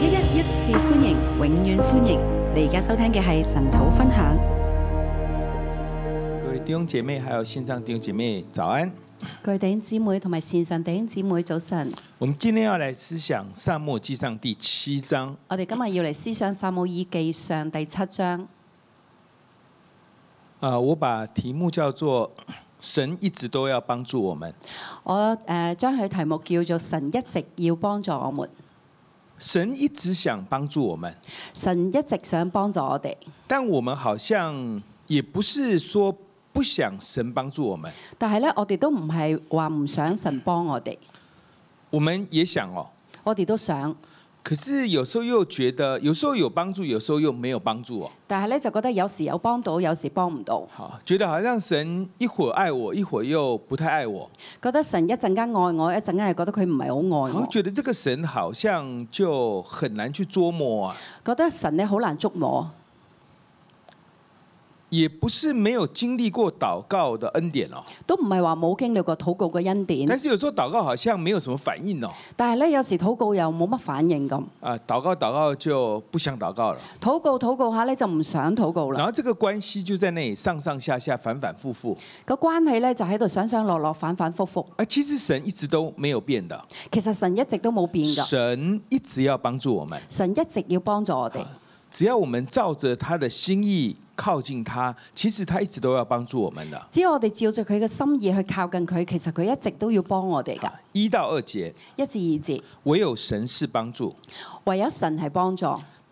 一一一次歡迎，永遠歡迎！你而家收聽嘅係晨禱分享。各位弟兄姐妹，還有線上弟兄姐妹，早安！各位弟兄姊妹同埋線上弟兄姊妹，早晨！我們今天要嚟思想撒母耳記上第七章。我哋今日要嚟思想撒母耳記上第七章。啊，我把題目叫做神一直都要幫助我們。我誒、呃，將佢題目叫做神一直要幫助我們。神一直想幫助我們，神一直想幫助我哋，但我們好像也不是說不想神幫助我們，但係呢，我哋都唔係話唔想神幫我哋，我們也想哦，我哋都想。可是有時候又覺得，有時候有幫助，有時候又沒有幫助啊。但係咧就覺得有時有幫到，有時幫唔到。好，覺得好像神一會愛我，一會又不太愛我。覺得神一陣間愛我，一陣間係覺得佢唔係好愛我。好，覺得這個神好像就很難去捉摸啊。覺得神呢，好難捉摸。也不是沒有經歷過禱告的恩典咯、哦，都唔係話冇經歷過禱告嘅恩典。但是有時候禱告好像沒有什麼反應咯、哦。但係咧有時禱告又冇乜反應咁、哦。啊，禱告禱告就不想禱告了。禱告禱告下咧就唔想禱告啦。然後這個關係就在那裡上上下下反反复覆。個關係咧就喺度上上落落反反复覆。誒、啊，其實神一直都沒有變的。其實神一直都冇變噶。神一直要幫助我們。神一直要幫助我哋。啊只要我們照着他的心意靠近他，其實他一直都要幫助我們的一。只要我哋照着佢嘅心意去靠近佢，其實佢一直都要幫我哋㗎。一到二節，一至二節，唯有神是幫助，唯有神係幫助。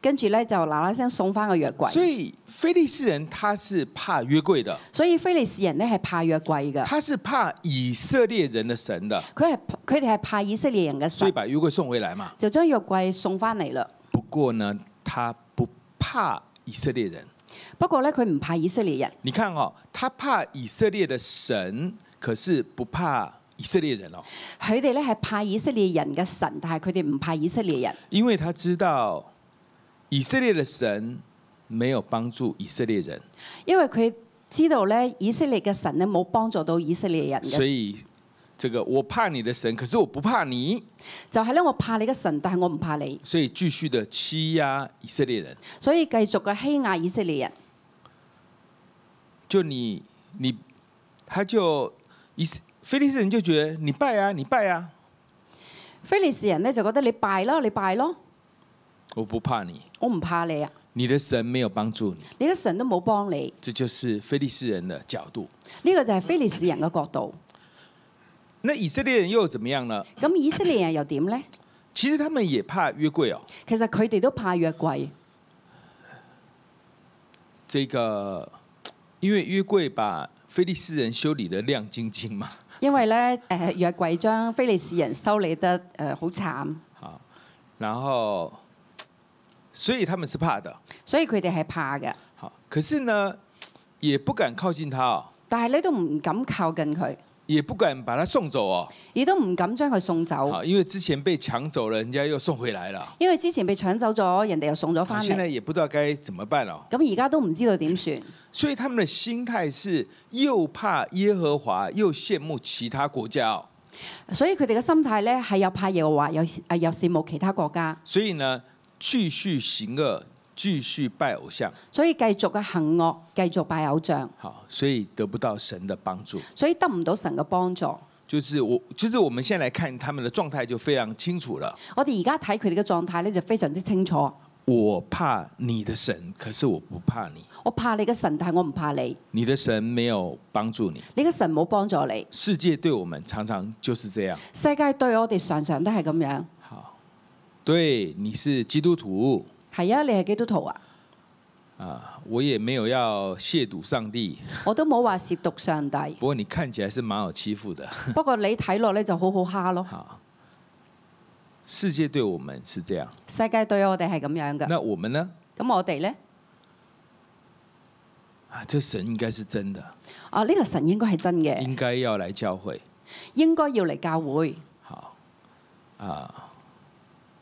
跟住咧就嗱嗱聲送翻個約櫃。所以非利士人他是怕約櫃的。所以非利士人呢，係怕約櫃嘅。他是怕以色列人的神的。佢係佢哋係怕以色列人嘅神。所以把約櫃送回來嘛。就將約櫃送翻嚟啦。不過呢，他不怕以色列人。不過呢，佢唔怕以色列人。你看哦，他怕以色列的神，可是不怕以色列人咯、哦。佢哋咧係怕以色列人嘅神，但係佢哋唔怕以色列人。因為他知道。以色列的神沒有幫助以色列人，因為佢知道咧，以色列嘅神咧冇幫助到以色列人。所以，這個我怕你的神，可是我不怕你。就係咧，我怕你嘅神，但係我唔怕你。所以繼續的欺壓以色列人，所以繼續嘅欺壓以色列人。就你你，他就以非利士人就覺得你拜啊，你拜啊。非利士人呢就覺得你拜咯，你拜咯。我不怕你，我唔怕你啊！你的神沒有幫助你，你的神都冇幫你。這就是非利士人的角度，呢、這個就係非利士人嘅角度 那。那以色列人又怎麼樣呢？咁以色列人又點呢？其實他們也怕約櫃哦。其實佢哋、哦、都怕約櫃。這個，因為約櫃把非利士人修理得亮晶晶嘛。因為咧，誒， 約櫃將非利士人修理得誒好慘。好，然後。所以他們是怕的，所以佢哋係怕嘅。好，可是呢，也不敢靠近他、哦、但係你都唔敢靠近佢，也不敢把他送走哦，亦都唔敢將佢送走。因為之前被搶走了，人家又送回來了。因為之前被搶走咗，人哋又送咗翻嚟。現在也不知道該怎麼辦咯、哦。咁而家都唔知道點算。所以他們的心態是又怕耶和華，又羨慕其他國家。所以佢哋嘅心態咧係又怕耶和華，又啊又羨慕其他國家。所以呢，繼續行惡，繼續拜偶像，所以繼續嘅行惡，繼續拜偶像。好，所以得不到神的幫助，所以得唔到神嘅幫助。就是我，其實我們先來看他們的狀態就非常清楚了。我哋而家睇佢哋嘅狀態呢，就非常之清楚。我怕你的神，可是我不怕你。我怕你嘅神，但係我唔怕你。你的神沒有幫助你，你嘅神冇幫助你。世界對我們常常就是這樣，世界對我哋常常都係咁樣。對，你是基督徒。係啊，你係基督徒啊。啊，我也沒有要褻瀆上帝。我都冇話褻瀆上帝。不過你看起來是蠻好欺負的。不過你睇落咧就好好蝦咯。好，世界對我們是這樣。世界對我哋係咁樣嘅。那我們呢？咁我哋呢？啊，這神應該是真的。啊，呢個神應該係真嘅。應該要嚟教會。應該要嚟教會。好。啊。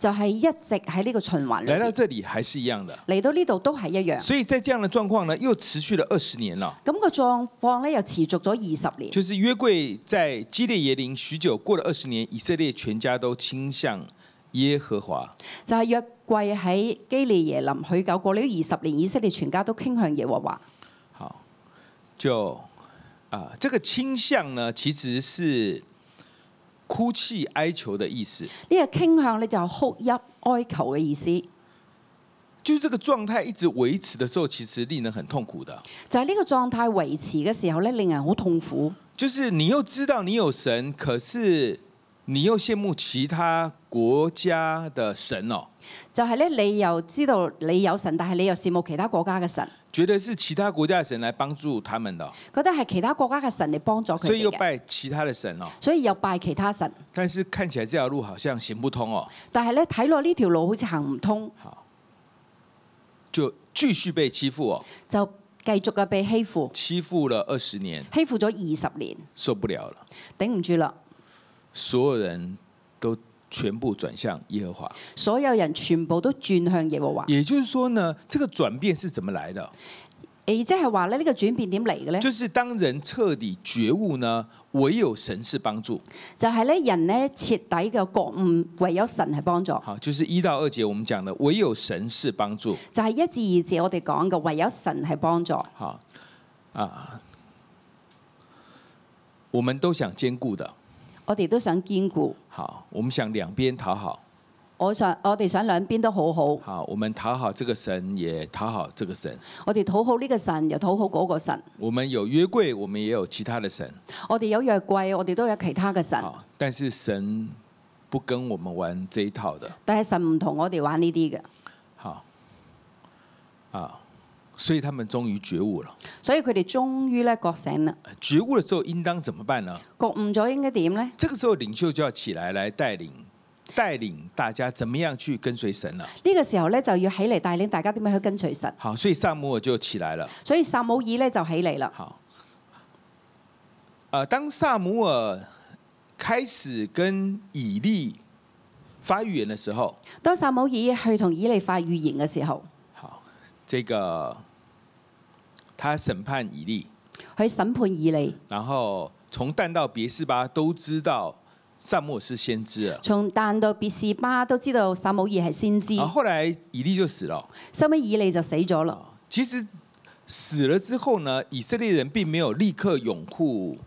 就係、是、一直喺呢個循環裏。嚟到這裡還是一樣嘅。嚟到呢度都係一樣。所以在這樣的狀況呢，又持續了二十年啦。咁個狀況呢，又持續咗二十年。就是約櫃在基列耶林許久過了二十年，以色列全家都傾向耶和華。就係、是、約櫃喺基利耶林許久過了二十年，以色列全家都傾向耶和華。好，就啊，這個傾向呢，其實是，哭泣哀求的意思，呢個傾向咧就哭泣哀求嘅意思，就是這個狀態一直維持的時候，其實令人很痛苦的。就係呢個狀態維持嘅時候咧，令人好痛苦。就是你又知道你有神，可是你又羨慕其他國家的神哦。就係咧，你又知道你有神，但係你又羨慕其他國家嘅神。覺得是其他國家的神來幫助他們的，覺得係其他國家嘅神嚟幫助，所以要拜其他的神咯。所以要拜其他神，但是看起來這條路好像行不通哦。但係呢，睇落呢條路好似行唔通，就繼續被欺負哦，就繼續嘅被欺負，欺負了二十年，欺負咗二十年，受不了了，頂唔住啦，所有人都。全部轉向耶和華，所有人全部都轉向耶和華。也就是說呢，這個轉變是怎麼來的？也即係話呢，呢個轉變點嚟嘅呢，就是當人徹底覺悟呢，唯有神是幫助。就係咧，人呢徹底嘅覺悟，唯有神係幫助。好，就是一到二節我們講的，唯有神是幫助。就係一至二節我哋講嘅，唯有神係幫助。好啊，我們都想兼顧的。我哋都想兼顧。好，我們想兩邊討好。我想，我哋想兩邊都好好。好，我們討好這個神，也討好這個神。我哋討好呢個神，又討好嗰個神。我們有約櫃，我們也有其他的神。我哋有約櫃，我哋都有其他嘅神。但是神不跟我們玩這一套的。但係神唔同我哋玩呢啲嘅。好。啊。所以他們終於覺悟了，所以佢哋終於咧覺醒啦。覺悟的時候應當怎麼辦呢？覺悟咗應該點呢？這個時候領袖就要起來，來帶，來帶領帶領大家，怎麼樣去跟隨神啦？呢、這個時候咧就要起嚟帶領大家點樣去跟隨神。好，所以撒母耳就起來了。所以撒母耳咧就起嚟啦。好，啊，當撒母耳開始跟以利發預言的時候，當撒母耳去同以利發預言嘅時候，好，這個。他審判以利，佢審判以利，然後從但到別士巴都知道撒母耳是先知啊。從但到別士巴都知道撒母耳係先知。後來以利就死了，收尾以利就死咗啦、嗯。其實死了之後呢，以色列人並沒有立刻擁護。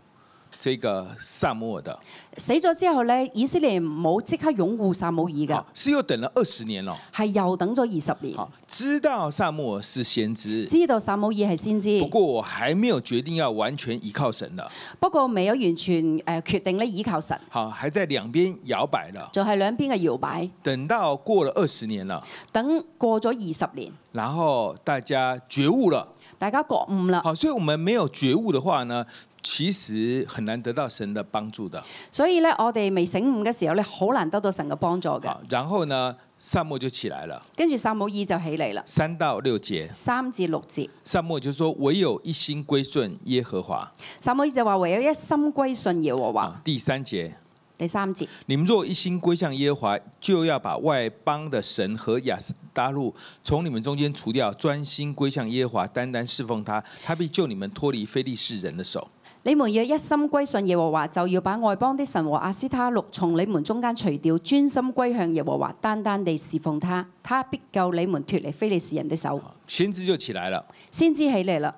這個撒母耳的死咗之後呢，以色列冇即刻擁護撒母耳噶是又等了二十年咯，係又等咗二十年，知道撒母耳是先知，知道撒母耳係先知，不過我還沒有決定要完全依靠神的，不過未有完全誒決定呢，依靠神，好還在兩邊搖擺的，就係兩邊嘅搖擺，等到過了二十年啦，等過咗二十年，然後大家覺悟了。大家覺悟啦，好，所以我們沒有覺悟的話呢，其實很難得到神的幫助的。所以咧，我哋未醒悟嘅時候咧，你好難得到神嘅幫助嘅。然後呢，撒母就起來了，跟住撒母耳就起嚟啦，三到六節，三至六節。撒母就說：唯有一心歸順耶和華。撒母耳就話：唯有一心歸順耶和華。第三節。第三節，你們若一心歸向耶華，就要把外邦的神和亞斯他錄從你們中間除掉，專心歸向耶和華，單單侍奉他，他必救你們脫離非利士人的手。你們若一心歸順耶和華，就要把外邦的神和亞斯他錄從你們中間除掉，專心歸向耶和華，單單地侍奉他，他必救你們脫離非利士人的手。先知就起來了，先知起來了。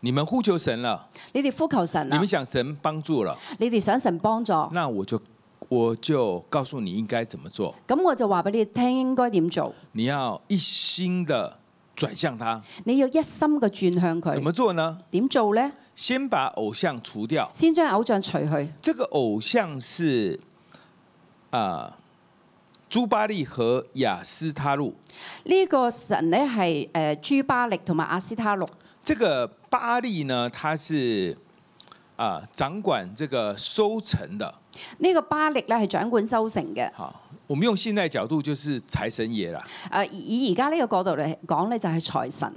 你們呼求神了，你哋呼求神，你們想神幫助了，你哋想神幫助，那我就我就告訴你應該怎麼做，咁我就話俾你聽應該點做，你要一心的轉向他，你要一心嘅轉向佢，怎麼做呢？點做呢？先把偶像除掉，先將偶，偶像除去，這個偶像係啊、呃、朱巴力和亞斯他錄，呢個神呢係誒朱巴力同埋亞斯他錄，這個。巴力呢？他是、啊、掌管這個收成的。呢、這個巴力呢，是掌管收成嘅。好，我們用現代角度就是財神爺啦。誒，以而家呢個角度嚟講呢就係財神。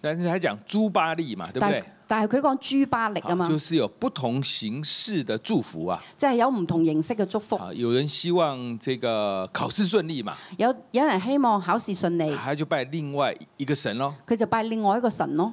但是佢講豬巴力嘛，對不對？但是佢講豬巴力啊嘛，就是有不同形式的祝福啊。即、就、係、是、有唔同形式嘅祝福。啊，有人希望這個考試順利嘛？有有人希望考試順利，佢就拜另外一個神咯。佢就拜另外一個神咯。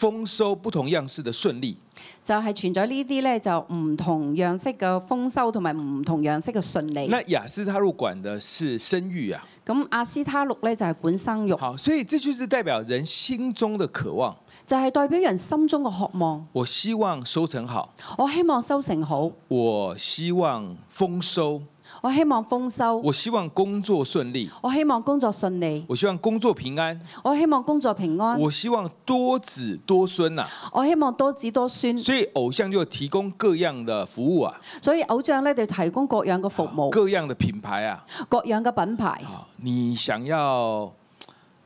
豐收、不同樣式的順利，就係存在呢啲呢，就唔同樣式嘅豐收同埋唔同樣式嘅順利。那亞斯他路管的是生育啊，咁亞斯他路呢，就係管生育。好，所以這就是代表人心中的渴望，就係、是、代表人心中嘅渴望。我希望收成好，我希望收成好，我希望豐收。我希望豐收，我希望工作順利，我希望工作順利，我希望工作平安，我希望工作平安，我希望多子多孫啊，我希望多子多孫。所以偶像就有提供各樣的服務啊，所以偶像呢，就提供各樣嘅服務，各樣的品牌啊，各樣嘅品牌。你想要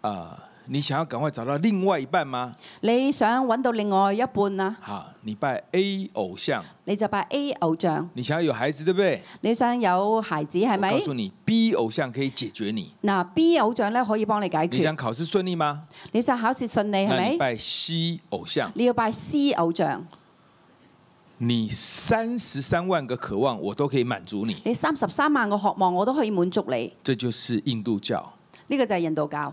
啊？呃你想要趕快找到另外一半嗎？你想揾到另外一半啊？好，你拜 A 偶像，你就拜 A 偶像。你想要有孩子對不對？你想有孩子係咪？我告訴你，B 偶像可以解決你。嗱，B 偶像咧可以幫你解決。你想考試順利嗎？你想考試順利係咪？拜 C 偶像，你要拜 C 偶像。你三十三萬個渴望我都可以滿足你，你三十三萬個渴望我都可以滿足你。這就是印度教，呢個就係印度教。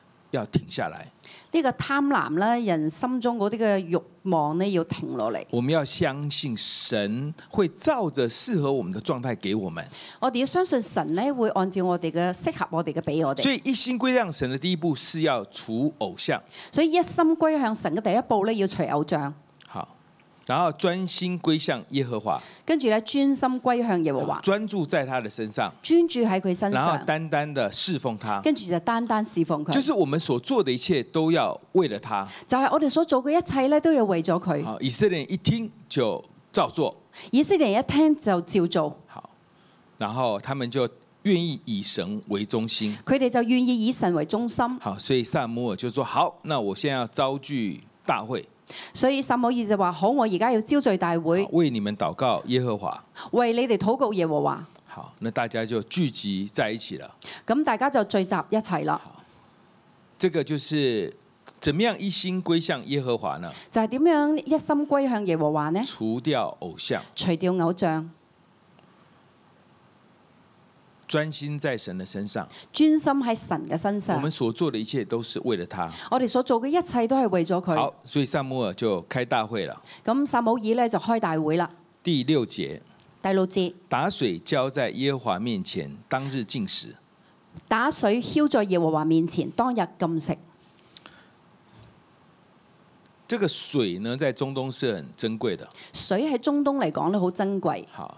要停下來，呢個貪婪啦，人心中嗰啲嘅欲望咧，要停落嚟。我們要相信神會照着適合我們的狀態給我們。我哋要相信神咧，會按照我哋嘅適合我哋嘅俾我哋。所以一心歸向神的第一步是要除偶像。所以一心歸向神嘅第一步咧，要除偶像。然後專心歸向耶和華，跟住呢專心歸向耶和華，專注在他的身上，專注喺佢身上，然後單單的侍奉他，跟住就單單侍奉佢。就是我們所做的一切都要為了他，就係我哋所做嘅一切呢都要為咗佢。以色列人一聽就照做，以色列人一聽就照做好，然後他們就願意以神為中心，佢哋就願意以神為中心。好，所以撒母耳就說：好，那我先要召聚大會。所以撒母耳就話：好，我而家要招聚大會。為你們禱告耶和華，為你哋禱告耶和華。好，那大家就聚集在一起啦。咁大家就聚集一齊啦。好，這個就是怎麼樣一心歸向耶和華呢？就係點樣一心歸向耶和華呢？除掉偶像，除掉偶像。專心在神的身上，專心喺神嘅身上。我們所做的一切都是為了他。我哋所做嘅一切都係為咗佢。好，所以撒母耳就開大會啦。咁撒母耳呢，就開大會啦。第六節，第六節，打水澆在耶和華面前，當日禁食。打水澆在耶和華面前，當日禁食。這個水呢，在中東是很珍貴的。水喺中東嚟講呢，好珍貴。好。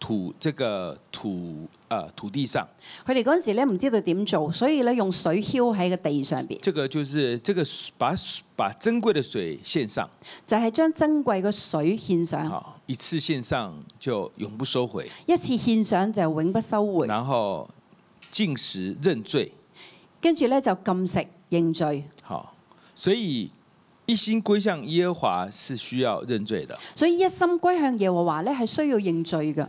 土這個土啊、呃、土地上，佢哋嗰陣時咧唔知道點做，所以咧用水澆喺個地上邊。這個就是，這個把把珍貴的水獻上，就係、是、將珍貴嘅水獻上。一次獻上就永不收回，一次獻上就永不收回。然後禁食認罪，跟住咧就禁食認罪。好，所以一心歸向耶和華是需要認罪的，所以一心歸向耶和華咧係需要認罪嘅。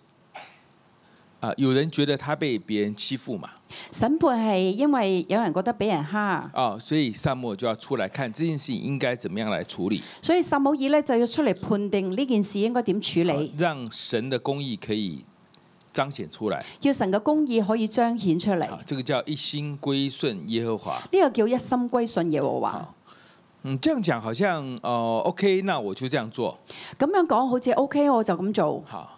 啊！有人覺得他被別人欺負嘛？審判係因為有人覺得俾人蝦，哦，所以撒母耳就要出來看這件事情應該怎麼樣來處理。所以撒母耳呢，就要出嚟判定呢件事應該點處理，讓神的公義可以彰顯出來，叫神嘅公義可以彰顯出嚟。這個叫一心歸順耶和華，呢個叫一心歸順耶和華。嗯，這樣講好像哦、呃，OK，那我就這樣做。咁樣講好似 OK，我就咁做。好。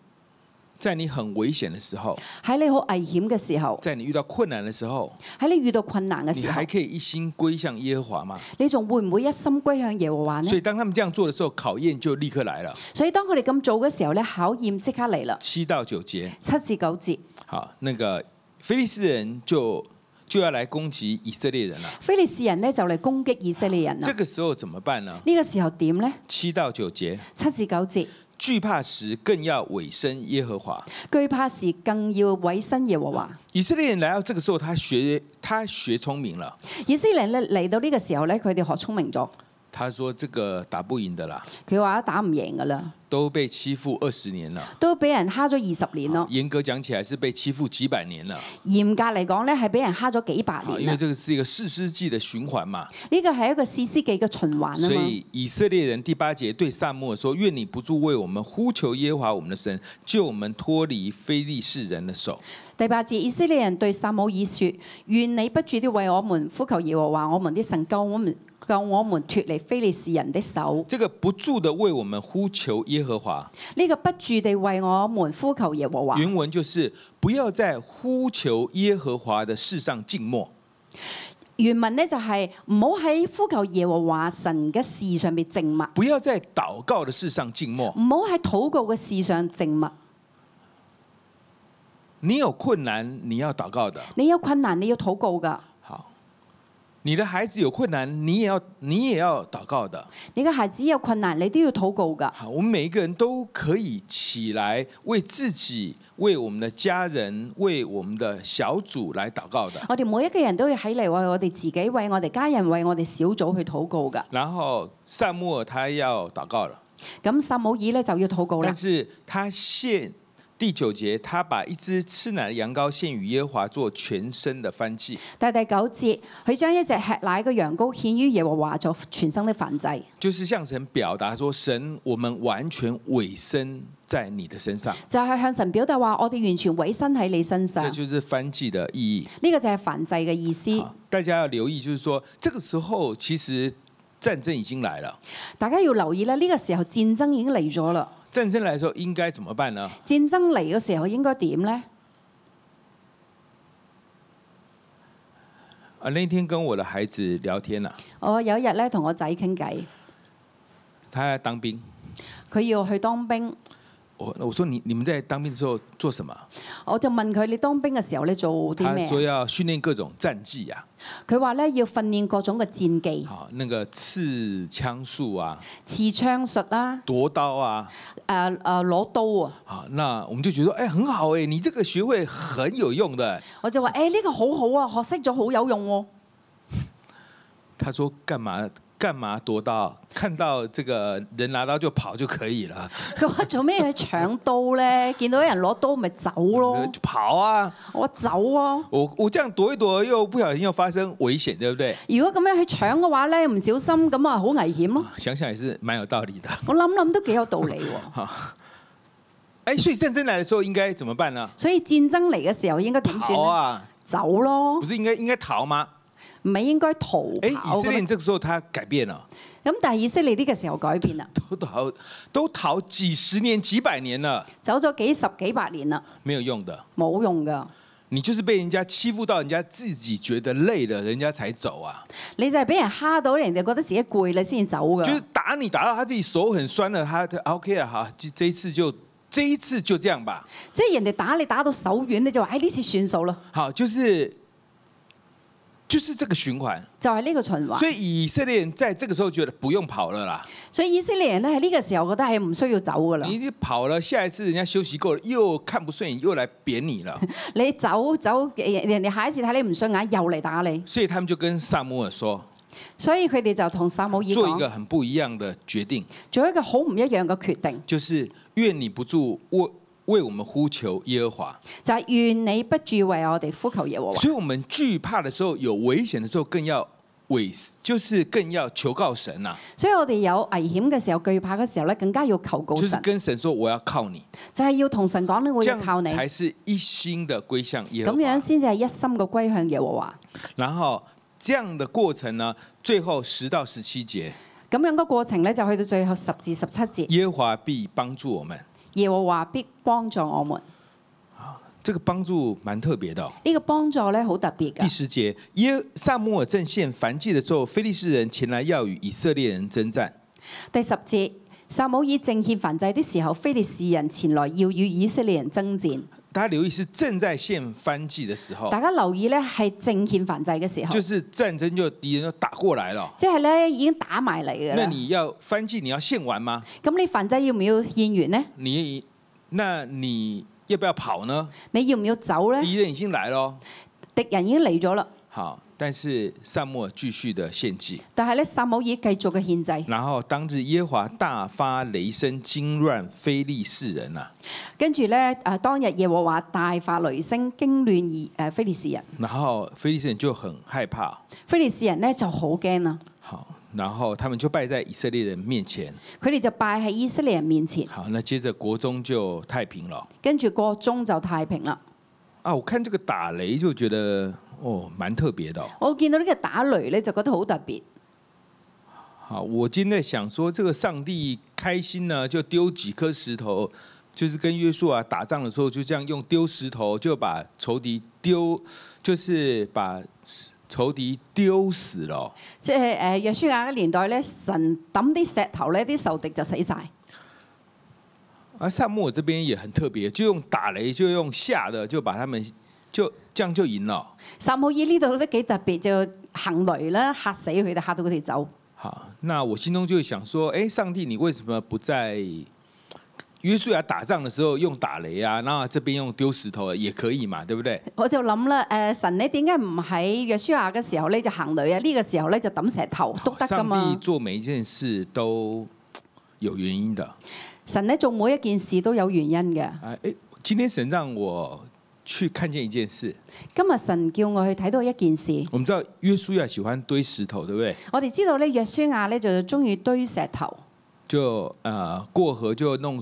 在你很危險的時候，喺你好危險嘅時候，在你遇到困難的時候，喺你遇到困難嘅時候，你還可以一心歸向耶和華嗎？你仲會唔會一心歸向耶和華呢？所以當他們這樣做的時候，考驗就立刻來了。所以當佢哋咁做嘅時候咧，考驗即刻嚟啦。七到九節，七至九節。好，那個非利士人就就要來攻擊以色列人啦。非利士人呢，就嚟攻擊以色列人啦。這個時候怎麼辦呢？呢個時候點呢？七到九節，七至九節。懼怕時更要委身耶和華，懼怕時更要委身耶和華。嗯。以色列人嚟到這個時候，他學，他學聰明啦。以色列咧嚟到呢個時候咧，佢哋學聰明咗。他說：這個打不贏的啦，佢話打唔贏噶啦，都被欺負二十年啦，都俾人蝦咗二十年咯。嚴格講起來，是來，是被欺負幾百年啦。嚴格嚟講呢，係俾人蝦咗幾百年。因為這個是一個四世紀的循環嘛，呢個係一個四世紀嘅循環。所以以色列人第八節對撒母耳說：願你不住為我們呼求耶和華我們的神，救我們脫離非利士人的手。第八節，以色列人對撒母耳說：願你不住的為我們呼求耶和華我們的神，救我們。救我們脫離非利士人的手。這個不住地為我們呼求耶和華。呢個不住地為我們呼求耶和華。原文就是不要在呼求耶和華的事上靜默。原文呢就係唔好喺呼求耶和華神嘅事上面靜默。不要在禱告嘅事上靜默。唔好喺禱告嘅事上靜默。你有困難，你要禱告的。你有困難，你要禱告噶。你的孩子有困難，你也要你也要禱告的。你的孩子有困難，你都要禱告噶。好，我們每一個人都可以起來為自己、為我們的家人、為我們的小組來禱告的。我哋每一個人都要起嚟為我哋自己、為我哋家人、為我哋小組去禱告噶。然後撒母耳他要禱告了。咁撒母耳呢，就要禱告啦。但是他現。第九節，他把一隻吃奶的羊羔獻與耶和華做全身的燔祭。但係第九節，佢將一隻吃奶嘅羊羔獻於耶和華做全身的燔祭。就是向神表達說，神，我們完全委身在你的身上。就係、是、向神表達話，我哋完全委身喺你身上。這就是燔祭的意義。呢、這個就係燔祭嘅意思。大家要留意，就是說，這個時候其實戰爭已經來了。大家要留意咧，呢、這個時候戰爭已經嚟咗啦。戰爭嚟時候應該怎麼辦呢？戰爭嚟嘅時候應該點呢？啊，那天跟我的孩子聊天啦、啊。我有一日咧同我仔傾偈，他要當兵，佢要去當兵。我我說你你們在當兵的時候做什麼？我就問佢你當兵嘅時候咧做啲咩？他說要訓練各種戰技啊。佢話咧要訓練各種嘅戰技。好，那個刺槍術啊，刺槍術啊、奪刀啊，誒誒攞刀啊。好，那我們就覺得誒、哎、很好誒，你這個學會很有用的。我就話誒呢個好好啊，學識咗好有用哦、啊。他說幹嘛？幹嘛躲刀？看到這個人拿刀就跑就可以了。佢話做咩去搶刀咧？見到有人攞刀咪走咯，跑啊！我走啊！我我這樣躲一躲，又不小心又發生危險，對不對？如果咁樣去搶嘅話咧，唔小心咁啊，好危險咯。想想也是蠻有道理的。我諗諗都幾有道理喎。好。誒，所以戰爭嚟嘅時候應該怎麼辦呢？所以戰爭嚟嘅時候應該點算啊？走咯。唔係應該應該逃嗎？唔係應該逃跑，欸、以色列呢個時候，他改變啦。咁但係以色列呢個時候改變啦。都逃，都逃幾十年，幾百年啦。走咗幾十幾百年啦。沒有用的。冇用㗎。你就是被人家欺負到，人家自己覺得累了，人家才走啊。你就係俾人蝦到，人哋覺得自己攰啦先走㗎。就是，打你打到他自己手很酸啦，他 O K 啦，好，這一次就，這一次就這樣吧。即，就，係，是，人哋打你打到手軟，你就話：哎，呢次算數啦。好，就是。就是這個循環，就係、是、呢個循環。所以以色列人在這個時候覺得不用跑了啦。所以以色列人呢，喺呢個時候覺得係唔需要走噶啦。你跑了，下一次人家休息夠，又看不順眼，又來扁你啦。 你走走，人哋下一次睇你唔順眼，又嚟打你。所以他們就跟撒母耳說，所以佢哋就同撒母耳做一個很不一樣的決定，做一個好唔一樣嘅決定，就是願你不住卧。我為我們呼求耶和華，就係、是、願你不住為我哋呼求耶和華。所以，我們懼怕的時候，有危險的時候，更要維持，就是更要求告神啦、啊。所以我哋有危險嘅時候、懼怕嘅時候咧，更加要求告神，就是跟神說我要靠你。就係、是、要同神講，我要靠你。這樣才是一心的歸向耶和華。咁樣先至係一心嘅歸向耶和華。然後，這樣的過程呢，最後十到十七節。咁樣嘅過程咧，就去到最後十至十七節。耶和華必幫助我們。耶和華必幫助我們。啊，這個幫助蠻特別的、哦。呢、這個幫助咧，好特別噶。第十節，耶撒母耳正獻燔祭的時候，非利士人前來要與以色列人爭戰。第十節，撒母耳正獻燔祭的時候，非利士人前來要與以色列人爭戰。大家留意是正在獻燔祭的時候。大家留意咧係正獻燔祭嘅時候。就是戰爭就敵人都打過嚟啦。即係咧已經打埋嚟嘅，那你要燔祭，你要獻完嗎？咁你燔祭要唔要獻完呢？你那你要不要跑呢？你要唔要走咧？敵人已經來咯，敵人已經嚟咗啦。好。但是撒母耳繼續的獻祭，但係咧撒母耳繼續嘅獻祭。然後當日耶和華大發雷聲驚亂非利士人啦。跟住咧，誒當日耶和華大發雷聲驚亂而誒非利士人。然後非利士人就很害怕，非利士人呢就好驚啦。好，然後他們就拜在以色列人面前，佢哋就拜喺以色列人面前。好，那接着國中就太平咯。跟住國中就太平啦。啊，我看這個打雷就覺得。哦，蠻特別的，哦。我見到呢個打雷呢，就覺得好特別。好，我今天在想說，這個上帝開心呢，就丟幾顆石頭，就是跟約書亞打仗的時候，就這樣用丟石頭就把仇敵丟，就是把仇敵丟死了。即係誒，約書亞嘅年代呢，神抌啲石頭呢，啲仇敵就死晒。而撒母耳這邊也很特別，就用打雷，就用吓的，就把他們。就這樣就贏咯、哦。撒母耳呢度都幾特別，就行雷啦，嚇死佢哋，嚇到佢哋走。好，那我心中就想說，誒、欸，上帝你為什麼不在約書亞打仗嘅時候用打雷啊？那這邊用丟石頭也可以嘛，對不對？我就諗啦，誒、呃，神你點解唔喺約書亞嘅時候咧就行雷啊？呢、這個時候咧就抌石頭都得噶嘛做？上帝做每一件事都有原因的。神咧做每一件事都有原因嘅。誒誒，今天神讓我。去看見一件事。今日神叫我去睇到一件事。我們知道約書亞喜歡堆石頭，對不對？我哋知道咧，約書亞咧就中意堆石頭，就誒、呃、過河就弄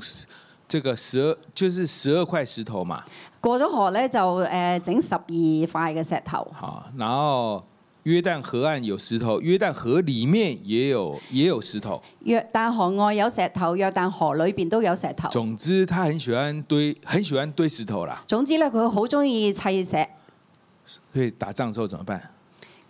這個十二，就是十二塊石頭嘛。過咗河咧就誒整十二塊嘅石頭。好，然後。約旦河岸有石頭，約旦河裏面也有也有石頭。約旦河外有石頭，約旦河裏邊都有石頭。總之，他很喜歡堆很喜歡堆石頭啦。總之咧，佢好中意砌石。所以打仗時候怎麼辦？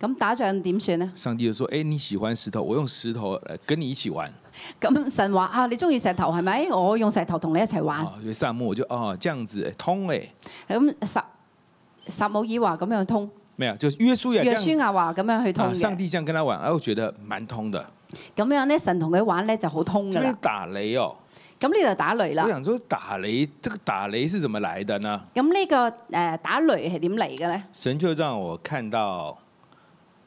咁打仗點算呢？上帝就說：誒、欸，你喜歡石頭，我用石頭跟你一起玩。咁神話啊，你中意石頭係咪？我用石頭同你一齊玩。撒母我就哦，這樣子通誒。咁撒撒母耳話咁樣通。沒有，就是約書亞，約書亞話咁樣去通嘅、啊，上帝這樣跟他玩，我覺得蠻通的。咁樣咧，神同佢玩咧就好通嘅。就打雷哦，咁呢就打雷啦。我想說打雷，這個打雷是怎麼來的呢？咁呢個誒打雷係點嚟嘅咧？神就讓我看到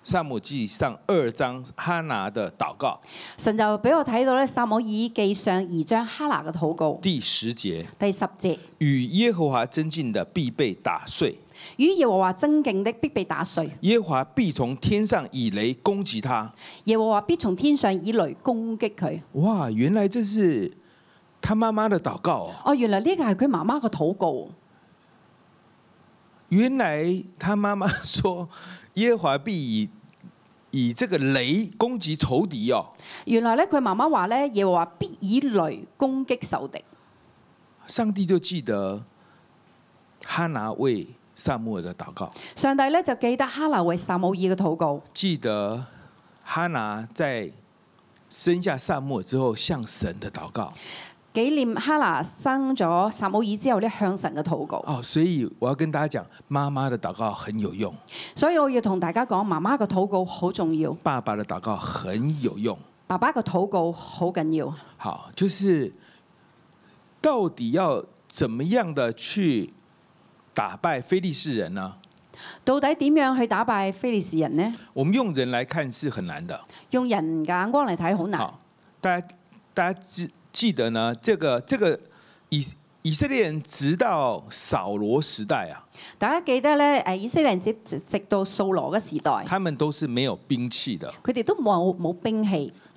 《撒母耳記》上二章哈拿的禱告。神就俾我睇到咧，《撒母耳記上》二章哈拿嘅禱告第十節，第十節，與耶和華爭競的必被打碎。與耶和華爭競的必被打碎，耶和華必從天上以雷攻擊他，耶和華必從天上以雷攻擊佢。哇，原來這是他媽媽的禱告哦、啊。哦，原來呢個係佢媽媽嘅禱告、啊。原來他媽媽說耶和華必以以這個雷攻擊仇敵哦。原來咧，佢媽媽話咧，耶和華必以雷攻擊仇敵、啊。上帝就記得哈拿為。撒母耳的禱告，上帝咧就記得哈拿為撒母耳嘅禱告，記得哈拿在生下撒母耳之後向神的禱告，紀念哈拿生咗撒母耳之後咧向神嘅禱告。哦，所以我要跟大家講，媽媽的禱告很有用，所以我要同大家講，媽媽嘅禱告好重要，爸爸的禱告很有用，爸爸嘅禱告好緊要。好，就是到底要怎麼樣的去？打敗非利士人呢？到底點樣去打敗非利士人呢？我們用人來看是很難的，用人嘅眼光嚟睇好難。大家，大家記記得呢？這個這個以，以色列人直到掃羅時代啊，大家記得咧？誒，以色列人直，直到掃羅嘅時代，他們都是沒有兵器的，佢哋都冇冇兵器。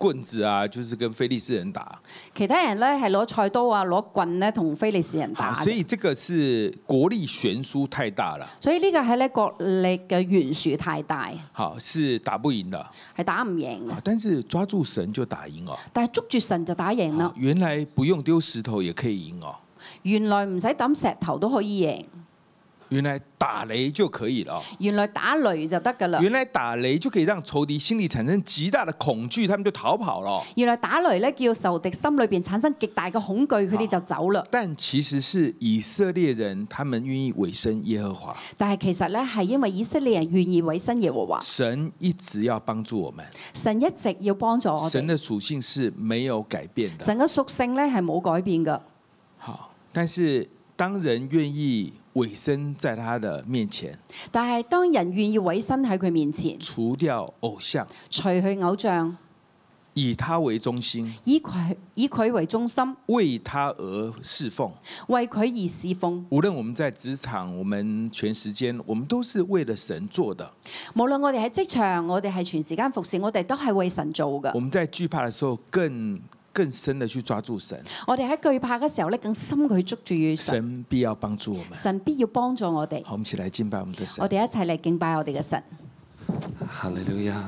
棍子啊，就是跟非利士人打。其他人呢，係攞菜刀啊，攞棍呢，同非利士人打。所以呢個是國力懸殊太大啦。所以呢個係呢國力嘅懸殊太大。好，是打不贏的，係打唔贏嘅。但是抓住神就打贏咯、哦。但係捉住神就打贏啦。原來不用丟石頭也可以贏哦。原來唔使抌石頭都可以贏、哦。原來打雷就可以了。原來打雷就得噶啦。原來打雷就可以讓仇敵心,產的仇敵心裏產生極大的恐懼，他們就逃跑了。原來打雷呢，叫仇敵心裏邊產生極大嘅恐懼，佢哋就走啦。但其實是以色列人，他們願意委身耶和華。但係其實呢，係因為以色列人願意委身耶和華。神一直要幫助我們。神一直要幫助我們。神的屬性是沒有改變。神嘅屬性呢係冇改變噶。好，但是當人願意。委身在他的面前，但係當人願意委身喺佢面前，除掉偶像，除去偶像，以他為中心，以佢以佢為中心，為他而侍奉，為佢而侍奉。無論我們在職場，我們全時間，我們都是為了神做的。無論我哋喺職場，我哋係全時間服侍，我哋都係為神做嘅。我們在懼怕的時候更。更深地去抓住神，我哋喺懼怕嘅時候咧，更深去捉住。神必要幫助我們，神必要幫助我哋。好，我們起來敬拜我們的神。我哋一齊嚟敬拜我哋嘅神。哈利路亞！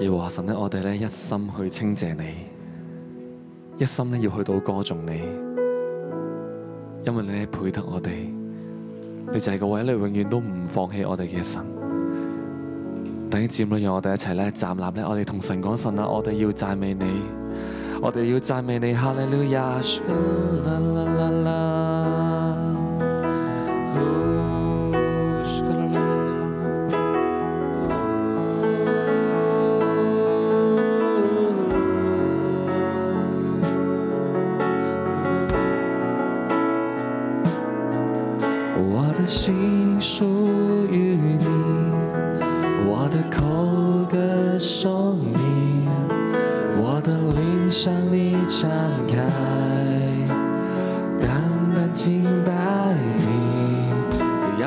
耶和華神咧，我哋咧一心去稱謝你，一心咧要去到歌頌你，因為你係配得我哋，你就係個位，你永遠都唔放棄我哋嘅神。等啲姊妹們，讓我哋一齊咧站立咧，我哋同神講，神啊，我哋要讚美你，我哋要讚美你。哈利路亞。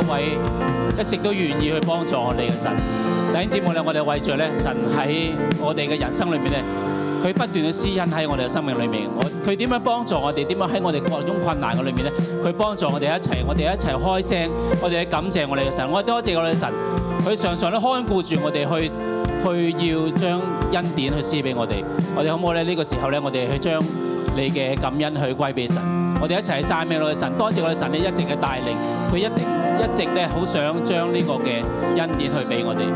一位一直都願意去幫助我哋嘅神，弟兄姊妹咧，我哋為着咧神喺我哋嘅人生裏面咧，佢不斷嘅施恩喺我哋嘅生命裏面。我佢點樣幫助我哋？點樣喺我哋各種困難嘅裏面咧？佢幫助我哋一齊，我哋一齊開聲，我哋去感謝我哋嘅神。我多謝我哋嘅神，佢常常都看顧住我哋，去去要將恩典去施俾我哋。我哋可唔可以呢個時候咧？我哋去將你嘅感恩去歸俾神。我哋一齊去讚美我哋神，多謝我哋神你一直嘅帶領佢一定。一直咧，好想將呢個嘅恩典去給我哋。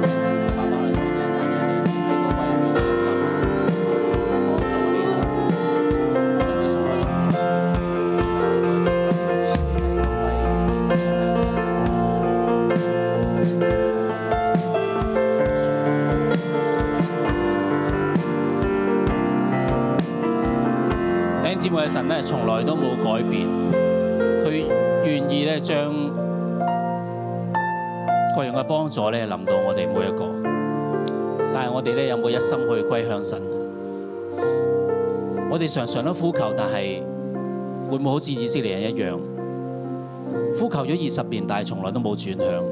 弟兄姊妹的神咧，從來都冇改變，佢願意咧將。各樣嘅幫助呢，臨到我哋每一個，但係我哋有沒有冇一心去歸向神？我哋常常都呼求，但係會唔會好似以色列人一樣，呼求咗二十年，但係從來都冇轉向。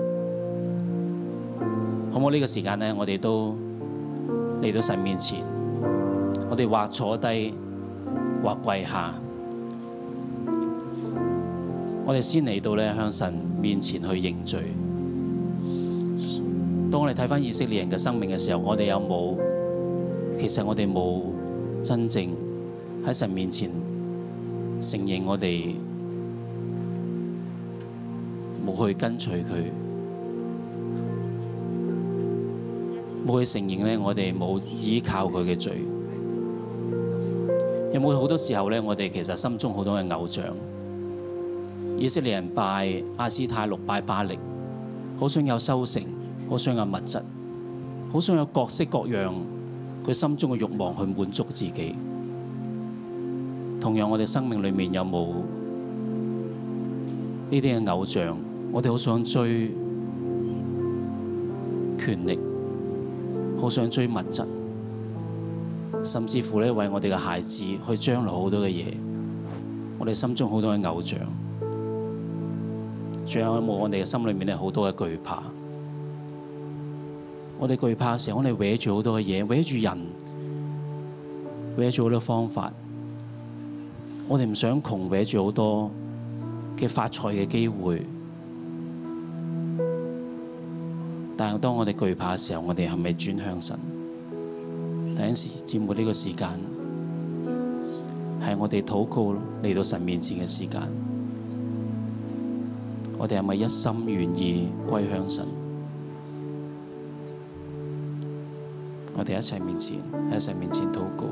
好冇呢好、這個時間呢？我哋都嚟到神面前，我哋或坐低，或跪下，我哋先嚟到呢向神面前去認罪。當我哋睇翻以色列人嘅生命嘅時候，我哋有冇？其實我哋冇真正喺神面前承認我哋冇去跟隨佢，冇去承認咧，我哋冇依靠佢嘅罪。有冇好多時候咧？我哋其實心中好多嘅偶像，以色列人拜亞斯泰錄、拜巴力，好想有收成。好想有物質，好想有各式各樣佢心中嘅慾望去滿足自己。同樣，我哋生命裏面有冇呢啲嘅偶像？我哋好想追權力，好想追物質，甚至乎呢為我哋嘅孩子去將來好多嘅嘢。我哋心中好多嘅偶像，仲有冇我哋嘅心裏面好多嘅懼怕？我哋懼怕嘅時候，我哋搲住好多嘅嘢，搲住人，搲住好多方法。我哋唔想窮，搲住好多嘅發財嘅機會。但當我哋懼怕嘅時候，我哋係咪轉向神？第一時，姊妹呢個時間係我哋禱告嚟到神面前嘅時間。我哋係咪一心願意歸向神？我哋一齊面前，一齊面前禱告。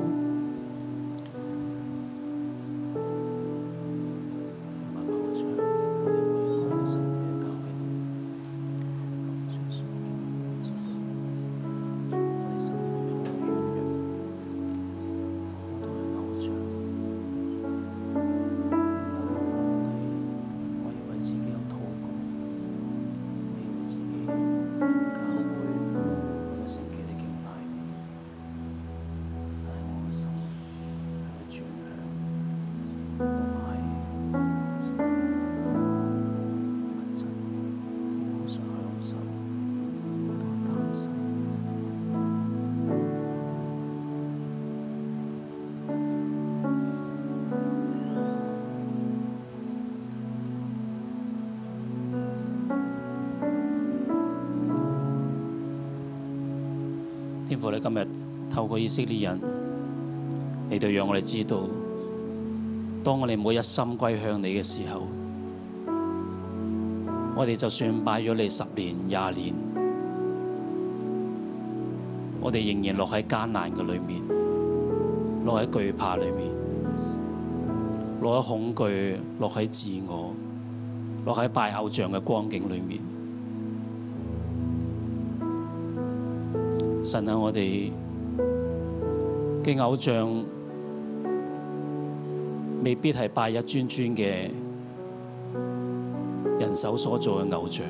以色列人，你就讓我哋知道，當我哋冇一心歸向你嘅時候，我哋就算拜咗你十年、廿年，我哋仍然落喺艱難嘅裏面，落喺懼怕裏面，落喺恐懼，落喺自我，落喺拜偶像嘅光景裏面。神啊，我哋。嘅偶像未必係拜一尊尊嘅人手所做嘅偶像，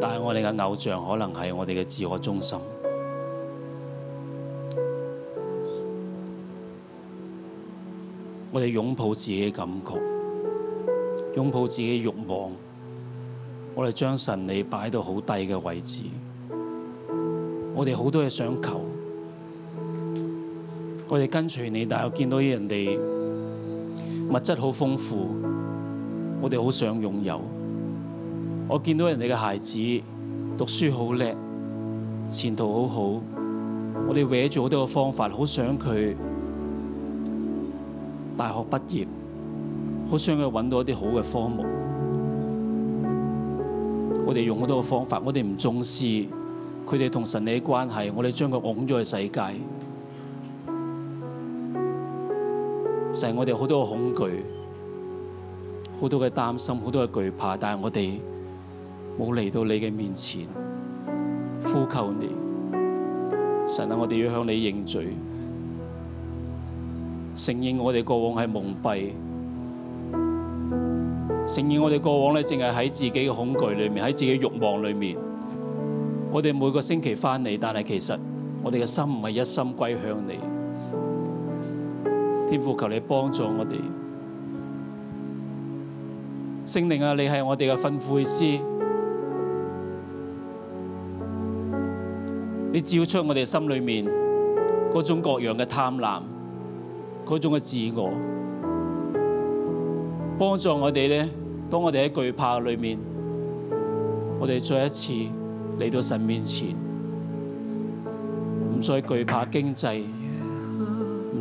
但係我哋嘅偶像可能係我哋嘅自我中心。我哋擁抱自己嘅感覺，擁抱自己嘅慾望，我哋將神理擺到好低嘅位置，我哋好多嘢想求。我哋跟隨你，但我見到人哋物質好豐富，我哋好想擁有。我見到人哋嘅孩子讀書好叻，前途好好，我哋揾咗好多個方法，好想佢大學畢業，好想佢揾到一啲好嘅科目。我哋用好多個方法，我哋唔重視佢哋同神嘅關係，我哋將佢拱咗去世界。成日我哋好多嘅恐懼，好多嘅擔心，好多嘅懼怕，但係我哋冇嚟到你嘅面前，呼求你，神啊！我哋要向你認罪，承認我哋過往係蒙蔽，承認我哋過往咧，淨係喺自己嘅恐懼裏面，喺自己欲望裏面。我哋每個星期翻嚟，但係其實我哋嘅心唔係一心歸向你。天父，求你幫助我哋，聖靈啊，你係我哋嘅訓誨師，你照出我哋心裏面各種各樣嘅貪婪，各種嘅自我，幫助我哋咧。當我哋喺懼怕裏面，我哋再一次嚟到神面前，唔再懼怕經濟。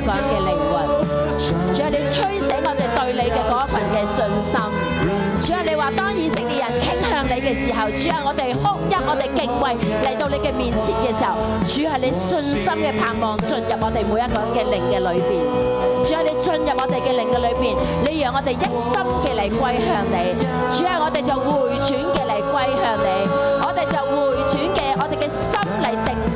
一個人嘅靈魂，主啊，你吹醒我哋對你嘅一份嘅信心。主啊，你話當以色列人傾向你嘅時候，主啊，我哋哭泣，我哋敬畏嚟到你嘅面前嘅時候，主啊，你信心嘅盼望進入我哋每一個人嘅靈嘅裏邊。主啊，你進入我哋嘅靈嘅裏邊，你讓我哋一心嘅嚟歸向你。主啊，我哋就回轉嘅嚟歸向你，我哋就回轉嘅我哋嘅心。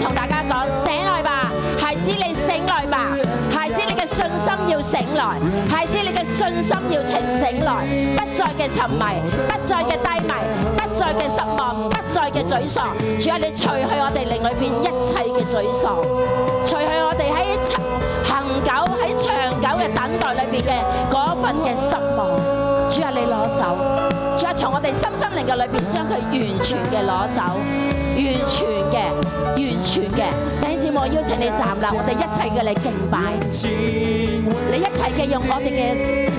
同大家講，醒來吧，孩子你醒來吧，孩子你嘅信心要醒來，孩子你嘅信心要清醒來，不再嘅沉迷，不再嘅低迷，不再嘅失望，不再嘅沮喪，主啊，你除去我哋靈裏邊一切嘅沮喪，除去我哋喺恒久喺長久嘅等待裏邊嘅嗰份嘅失望，主啊，你攞走，主啊，從我哋心心靈嘅裏邊將佢完全嘅攞走。完全嘅，完全嘅，第一次我邀請你站立，我哋一齊叫你敬拜，你一齊嘅用我哋嘅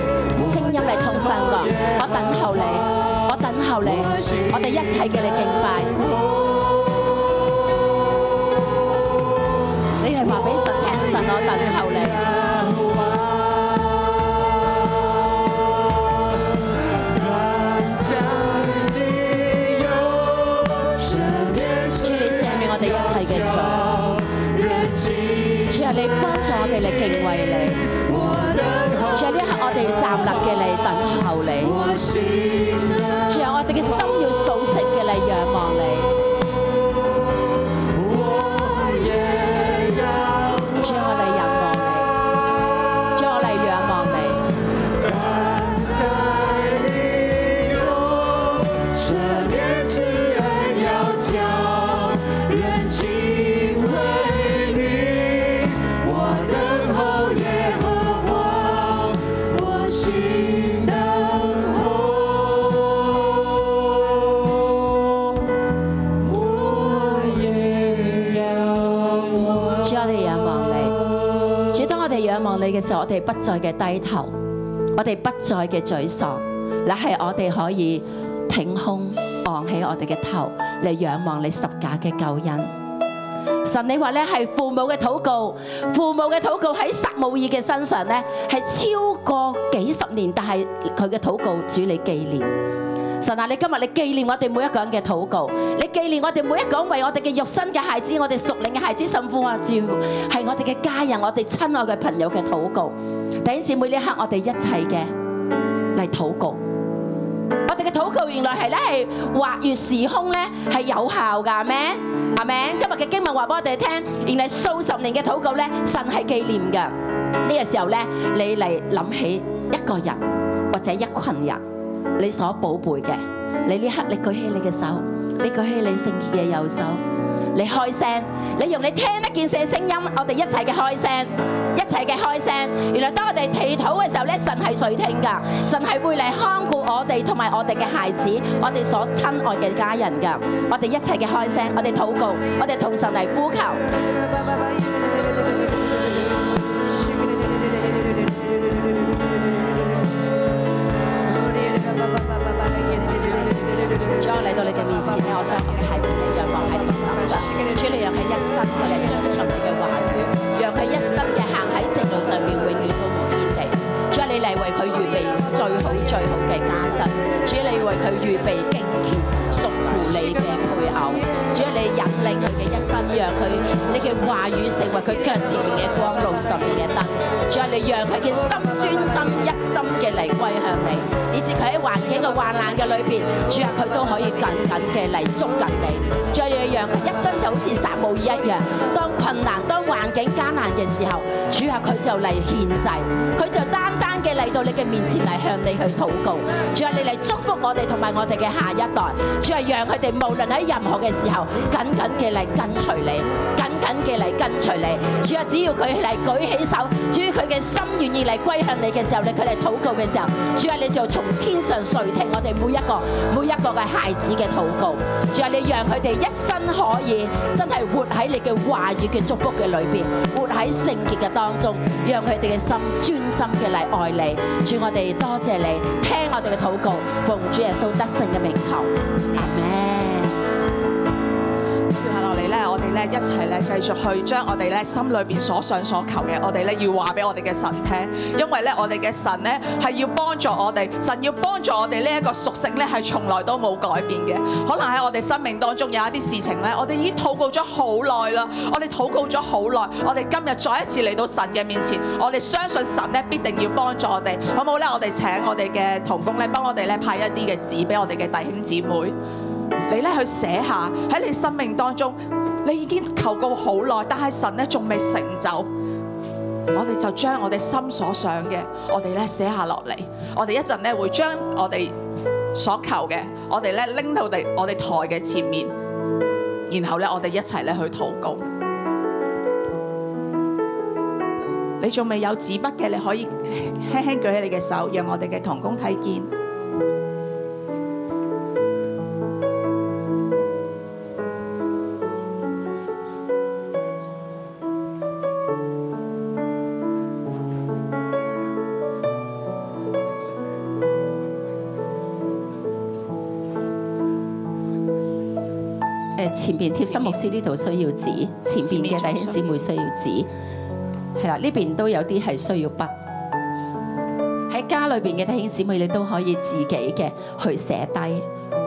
聲音嚟通神嘅，我等候你，我等候你，我哋一齊叫你敬拜你，你係話俾神聽，神我等候你。嘅錯，只有你幫助我哋嚟敬畏你，只有我哋站立嘅你等候你，只有我哋嘅心要，不再嘅低頭，我哋不再嘅沮喪，那係我哋可以挺胸昂起我哋嘅頭嚟仰望你十架嘅救恩。神，你話咧係父母嘅禱告，父母嘅禱告喺撒母耳嘅身上咧係超過幾十年，但係佢嘅禱告主你紀念。神啊！你今日你紀念我哋每一個人嘅禱告，你紀念我哋每一個人為我哋嘅肉身嘅孩子，我哋屬靈嘅孩子神父啊、主，係我哋嘅家人，我哋親愛嘅朋友嘅禱告。弟兄姊妹，呢一刻我哋一切嘅嚟禱告，我哋嘅禱告原來係咧係跨越時空咧係有效噶，係咪？係咪？今日嘅經文話俾我哋聽，原來數十年嘅禱告咧，神係紀念嘅。呢個時候咧，你嚟諗起一個人或者一群人。你所寶貝嘅，你呢刻你舉起你嘅手，你舉起你的聖潔嘅右手，你開聲，你用你聽得見嘅聲音，我哋一齊嘅開聲，一齊嘅開聲。原來當我哋祈禱嘅時候咧，神係垂聽㗎，神係會嚟看顧我哋同埋我哋嘅孩子，我哋所親愛嘅家人㗎。我哋一齊嘅開聲，我哋禱告，我哋同神嚟呼求。拜拜拜拜佢預備最好最好嘅家室，主要你為佢預備敬虔、屬乎你嘅配偶，主啊你引領佢嘅一生讓，讓佢你嘅話語成為佢腳前面嘅光，路上面嘅燈，主啊你讓佢嘅心專心一心嘅嚟歸向你，以至佢喺環境嘅患難嘅裏邊，主啊佢都可以緊緊嘅嚟捉緊你，再啊你讓佢一生就好似撒母耳一樣。困難當環境艱難嘅時候，主啊佢就嚟獻祭，佢就單單嘅嚟到你嘅面前嚟向你去禱告，主啊你嚟祝福我哋同埋我哋嘅下一代，主啊讓佢哋無論喺任何嘅時候，緊緊嘅嚟跟隨你，緊，嚟跟隨你，主啊！只要佢嚟舉起手，只要佢嘅心願意嚟歸向你嘅時候咧，佢嚟禱告嘅時候，主啊！你就從天上垂聽我哋每一個、每一個嘅孩子嘅禱告。主啊！你讓佢哋一生可以真係活喺你嘅話語嘅祝福嘅裏邊，活喺聖潔嘅當中，讓佢哋嘅心專心嘅嚟愛你。主，我哋多謝你，聽我哋嘅禱告，奉主耶穌得勝嘅名求，阿門。一齊咧，繼續去將我哋咧心裏面所想所求嘅，我哋咧要話俾我哋嘅神聽，因為咧我哋嘅神咧係要幫助我哋，神要幫助我哋呢一個屬性咧係從來都冇改變嘅。可能喺我哋生命當中有一啲事情咧，我哋已經禱告咗好耐啦，我哋禱告咗好耐，我哋今日再一次嚟到神嘅面前，我哋相信神咧必定要幫助我哋。好唔好咧，我哋請我哋嘅同工咧，幫我哋咧派一啲嘅紙俾我哋嘅弟兄姊妹，你咧去寫下喺你生命當中。你已經求告好耐，但係神咧仲未成就，我哋就將我哋心所想嘅，我哋咧寫下落嚟。我哋一陣咧會將我哋所求嘅，我哋咧拎到地我哋台嘅前面，然後咧我哋一齊咧去禱告。你仲未有紙筆嘅，你可以輕輕舉起你嘅手，讓我哋嘅同工睇見。前邊貼心牧師呢度需要紙，前邊嘅弟兄姊妹需要紙，係啦，呢邊都有啲係需要筆，喺家裏邊嘅弟兄姊妹你都可以自己嘅去寫低。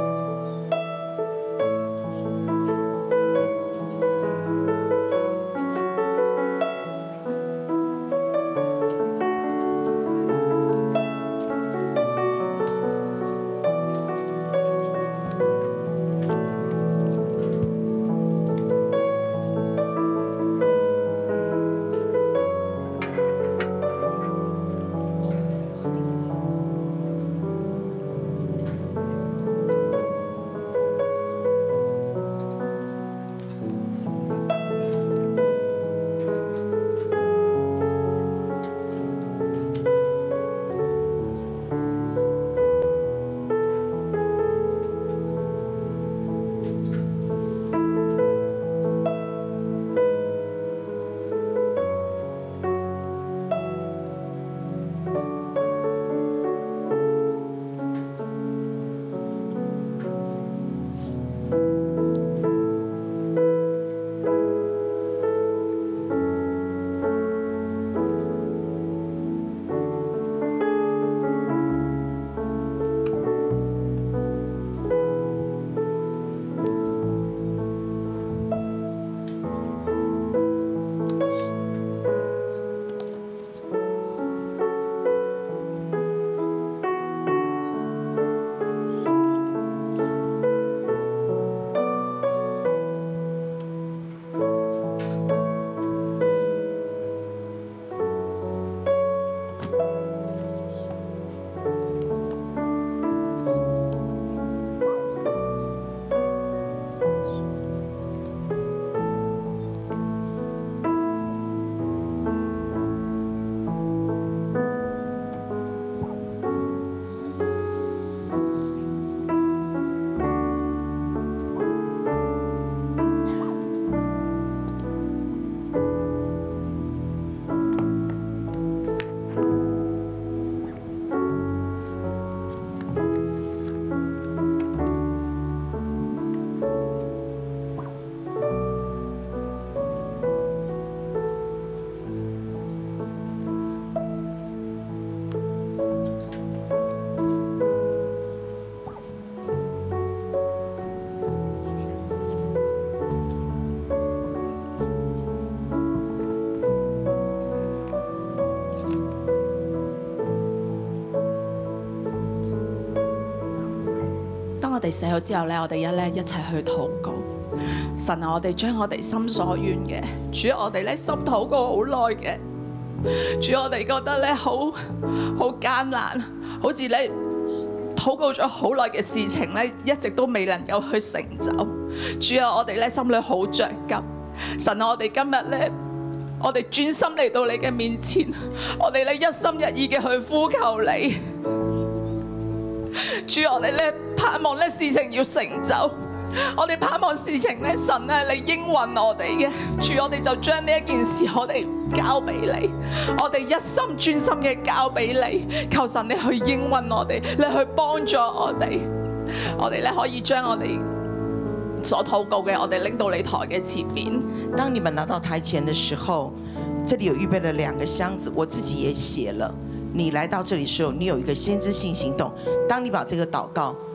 寫好之後咧，我哋一咧，一齊去禱告。神啊，我哋將我哋心所願嘅主，我哋咧心禱告好耐嘅，主要我哋覺得咧好好艱難，好似咧禱告咗好耐嘅事情咧，一直都未能夠去成就。主啊，我哋咧心裏好着急。神啊，我哋今日咧，我哋專心嚟到你嘅面前，我哋咧一心一意嘅去呼求你。主啊，我哋咧。盼望咧事情要成就，我哋盼望事情咧，神咧，你應允我哋嘅。主，我哋就將呢一件事我哋交俾你，我哋一心專心嘅交俾你，求神你去應允我哋，你去幫助我哋，我哋咧可以將我哋所禱告嘅我哋拎到你台嘅前面。當你們拿到台前嘅時候，這裡有預備了兩個箱子，我自己也寫了。你來到這裡時候，你有一個先知性行動，當你把這個禱告。